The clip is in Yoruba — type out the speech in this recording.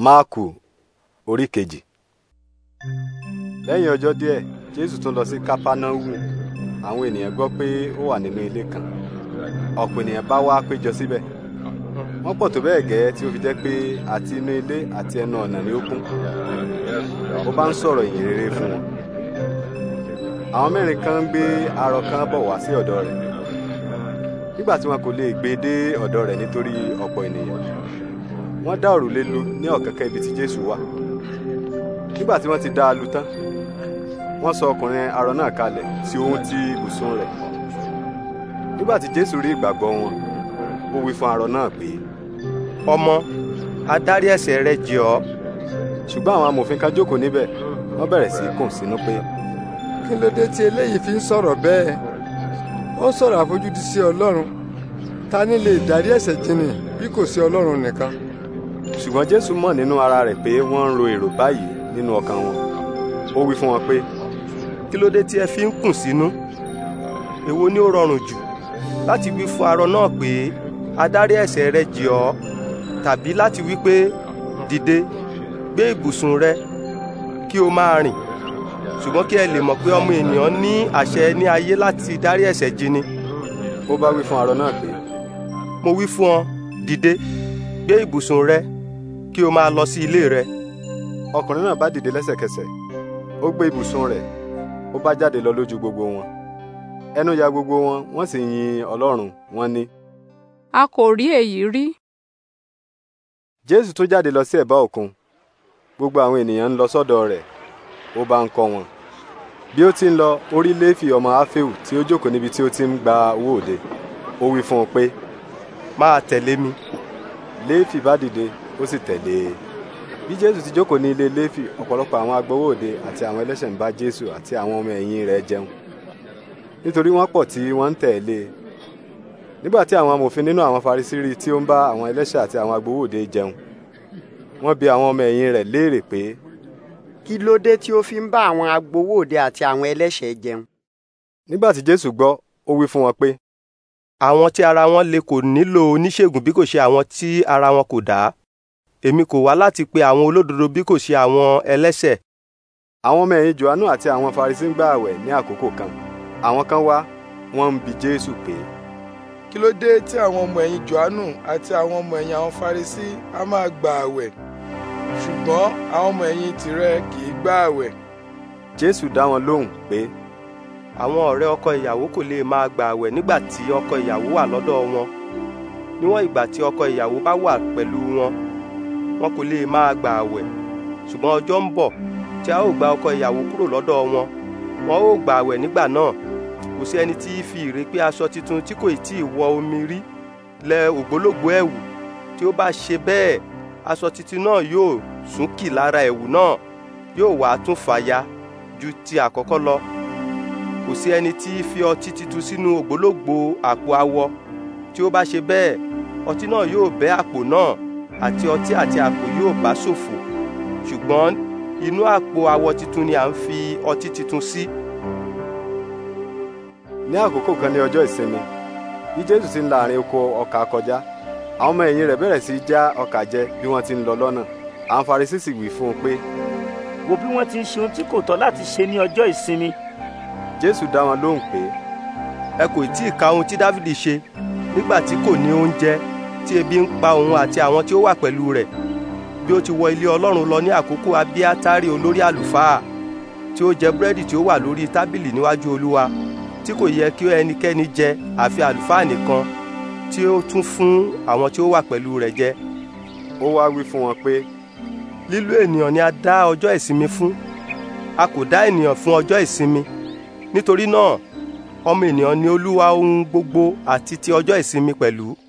máàkù orí kejì. lẹ́yìn ọjọ́ díẹ̀ jésù tún lọ sí kápánáwù àwọn ènìyàn gbọ́ pé ó wà nínú ilé kan ọ̀pọ̀ ènìyàn bá wá péjọ síbẹ̀ wọ́n pọ̀ tó bẹ́ẹ̀ gẹ́ tí ó fi jẹ́ pé àti inú ilé àti ẹnu ọ̀nà ni ó kún ó bá ń sọ̀rọ̀ ìyìn rere fún wọn. àwọn mẹ́rin kan ń gbé arọ kan bọ̀ wá sí ọ̀dọ̀ rẹ̀ nígbà tí wọn kò lè gbé dé ọ̀dọ̀ rẹ̀ nítorí ọ̀pọ̀ ènìyàn wọ́n dá òrùlé lu ní ọ̀kánkán ibi tí jésù wà nígbà tí wọ́n ti dá a lu tán wọ́n sọ ọkùnrin arọ náà kalẹ̀ sí ohun tí ibùsùn rẹ̀ nígbà tí jésù rí ìgbàgbọ́ wọn ó wí fún arọ náà pé. ọmọ adarí ẹ̀ṣẹ̀ rẹ jì ọ́. ṣùgbọ́n àwọn amòfin kan jókòó níbẹ̀ wọ́n bẹ̀rẹ̀ sí í kùn sínú pé. kí ló dé tí eléyìí fi ń sọ̀rọ̀ bẹ́ẹ̀ ó sọ̀rọ̀ àfojúdi sí ọlọ́run ta ni lè dárí ẹ̀ṣẹ̀ jìnnì bí kò sí ọlọ́run nìkan ṣùgbọ́n jésù mọ̀ nínú ara rẹ̀ pé wọ́n ń ro èrò báyìí nínú ọkàn wọn ó wí fún wọn pé kí ló dé tí ẹ fi ń kùn sínú èwo ni ó rọrùn jù láti wí fún arọ náà pé adárí ẹ̀ṣẹ̀ rẹ jì ọ́ tàbí láti wí pé dìde gbé ibùsùn rẹ kí o máa rìn ṣùgbọ́n kí ẹ lè mọ̀ pé ọmọ ènìyàn ní àṣẹ ní ayé láti dárí ẹ̀ṣẹ̀ jì ni ó bá wí fún arọ náà pé mo wí fún ọ dìde gbé ibùsùn rẹ kí o máa lọ sí ilé rẹ. ọkùnrin náà bá dìde lẹ́sẹ̀kẹsẹ̀ ó gbé ibùsùn rẹ̀ ó bá jáde lọ lójú gbogbo wọn ẹnu ya gbogbo wọn wọ́n sì yin Ọlọ́run wọ́n ní. a kò rí èyí rí. Jésù tó jáde lọ sí ẹ̀bá òkun gbogbo àwọn ènìyàn ń lọ sọ́dọ̀ rẹ̀ ó bá ń kọ́ wọn bí ó ti ń lọ ó rí Léfì ọmọ Áfíù tí ó jókòó níbi tí ó ti ń gba owó òde ó wí fún un pé máa tẹ̀lé mi Léfì bá dìde ó sì tẹ̀lé e bí jésù ti jókòó ní ilé léfì ọ̀pọ̀lọpọ̀ àwọn agbowó òde àti àwọn ẹlẹ́ṣẹ̀ ń bá jésù àti àwọn ọmọ ẹ̀yìn rẹ̀ jẹun nítorí wọ́n pọ̀ tí wọ́n ń tẹ̀lé e nígbà tí àwọn amòfin nínú àwọn farisíri tí ó ń bá àwọn ẹlẹ́ṣẹ̀ àti àwọn agbowó òde jẹun wọ́n bi àwọn ọmọ ẹ̀yìn rẹ̀ léèrè pé. kí ló dé tí ó fi ń bá àwọn agbowó òde àti àwọn ẹlẹ́ṣẹ̀ jẹun. nígbà tí jésù gbọ́ ó wí fún wọn pé. àwọn tí ara wọn le kò nílò oníṣègùn bí kò ṣe àwọn tí ara wọn kò dáa èmi kò wá láti pe àwọn olódodo bí kò ṣe àwọn ẹlẹ́ṣẹ̀. àwọn ọmọ ẹ̀yìn Jòhánù àti àwọn Farisí ń gbà àwẹ̀ ní àkókò kan àwọn kan wá wọ́n ń bi Jésù pé. kí ló dé tí àwọn ọmọ ẹ̀yìn Jòhánù àti àwọn ọmọ ẹ̀yìn àwọn Farisí a máa gbà àwẹ̀ ṣùgbọ́n àwọn ọmọ ẹ̀yìn tìrẹ kì í gbà àwẹ̀. Jésù dá wọn lóhùn pé àwọn ọ̀rẹ́ ọkọ ìyàwó kò lè máa gbà àwẹ̀ nígbà tí ọkọ ìyàwó wà lọ́dọ̀ wọn níwọ̀n ìgbà tí ọkọ ìyàwó bá wà pẹ̀lú wọn wọn kò lè máa gbà àwẹ̀ ṣùgbọ́n ọjọ́ ń bọ̀ tí a ó gba ọkọ ìyàwó kúrò lọ́dọ̀ wọn wọn ó gbà àwẹ̀ nígbà náà kò sí ẹni tí í fi ìrèpé aṣọ titun tí kò tí ì wọ omi rí lẹ ògbólógbòó ẹ̀wù tí ó bá ṣe bẹ́ẹ̀ aṣọ titun náà yóò sún lára ẹ̀wù náà yóò wá tún fàya ju ti àkọ́kọ́ lọ kò sí ẹni tí í fi ọtí titun sínú ògbólógbòó àpò awọ tí ó bá ṣe bẹ́ẹ̀ ọtí náà yóò bẹ́ àpò náà àti ọtí àti àpò yóò bá ṣòfò ṣùgbọ́n inú àpò awọ titun ni à ń fi ọtí titun sí. ní àkókò kan ní ọjọ́ ìsinmi bí jésù ti ń la àárín oko ọkà kọjá àwọn ọmọ ẹ̀yìn rẹ̀ bẹ̀rẹ̀ sí í já ọkà jẹ bí wọ́n ti ń lọ lọ́nà àwọn farisí sì wí fún un pé. wo bí wọ́n ti ń ṣe tí kò tọ́ láti ṣe ní ọjọ́ ìsinmi. jésù dá wọn lóhùn pé. ẹ kò tí ì ka ohun tí dávidi ṣe nígbà tí kò ní oúnjẹ tí ebi ń pa òun àti àwọn tí ó wà pẹ̀lú rẹ̀ bí ó ti wọ ilé ọlọ́run lọ ní àkókò abiatari olórí àlùfáà tí ó jẹ búrẹ́dì tí ó wà lórí tábìlì níwájú olúwa tí kò yẹ kí ẹnikẹ́ni jẹ àfi àlùfáà nìkan tí ó tún fún àwọn tí ó wà pẹ̀lú rẹ̀ jẹ ó wá wí fún wọn pé lílú ènìyàn ni a dá ọjọ́ ìsinmi fún a kò dá ènìyàn fún ọjọ́ ìsinmi nítorí náà ọmọ ènìyàn ni olúwa ohun gbogbo àti ti ọjọ́ ìsinmi pẹ̀lú.